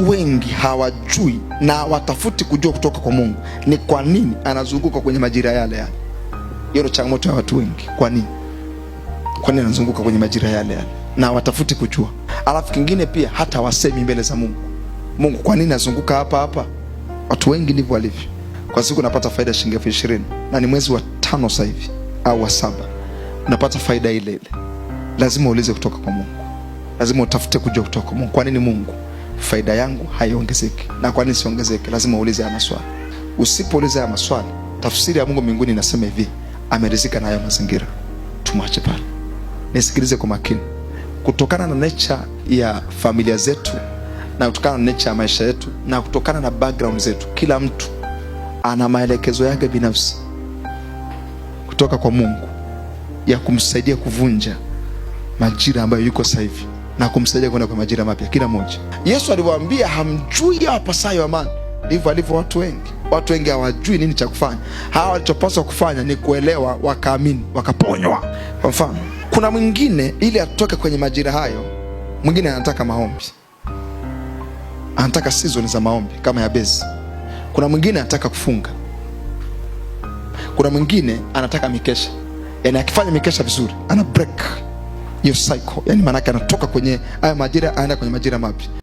watu wengi hawajui na watafuti kujua kutoka kwa Mungu ni kwa nini anazunguka kwenye majira yale yale. Hiyo ndio changamoto ya watu wengi. Kwa nini? Kwa nini anazunguka kwenye majira yale yale na watafuti kujua? Alafu kingine pia hata wasemi mbele za Mungu, Mungu, kwa nini nazunguka hapa hapa? Watu wengi ndivyo walivyo. Kwa siku napata faida shilingi elfu ishirini na ni mwezi wa tano sasa hivi au wa saba, napata faida ile ile. Lazima uulize kutoka kwa Mungu, lazima utafute kujua kutoka kwa Mungu, kwa nini Mungu faida yangu haiongezeki. Na kwa nini siongezeke? Lazima uulize haya maswali. Usipouliza haya maswali, tafsiri ya Mungu mbinguni inasema hivi, ameridhika na haya mazingira. Tumwache pale. Nisikilize kwa makini, kutokana na nature ya familia zetu na kutokana na nature ya maisha yetu na kutokana na background zetu, kila mtu ana maelekezo yake binafsi kutoka kwa Mungu ya kumsaidia kuvunja majira ambayo yuko sasa hivi na kumsaidia kwenda kwa majira mapya kila mmoja. Yesu aliwaambia hamjui yawapasayo amani. Ndivyo alivyo watu wengi. Watu wengi hawajui nini cha kufanya. Hawa walichopaswa kufanya ni kuelewa, wakaamini, wakaponywa. Kwa mfano, kuna mwingine ili atoke kwenye majira hayo, mwingine anataka maombi, anataka season za maombi kama ya bezi. Kuna mwingine anataka kufunga, kuna mwingine anataka mikesha, yani akifanya mikesha vizuri ana break hiyo cycle, yani maanake anatoka kwenye haya majira aenda kwenye majira mapya.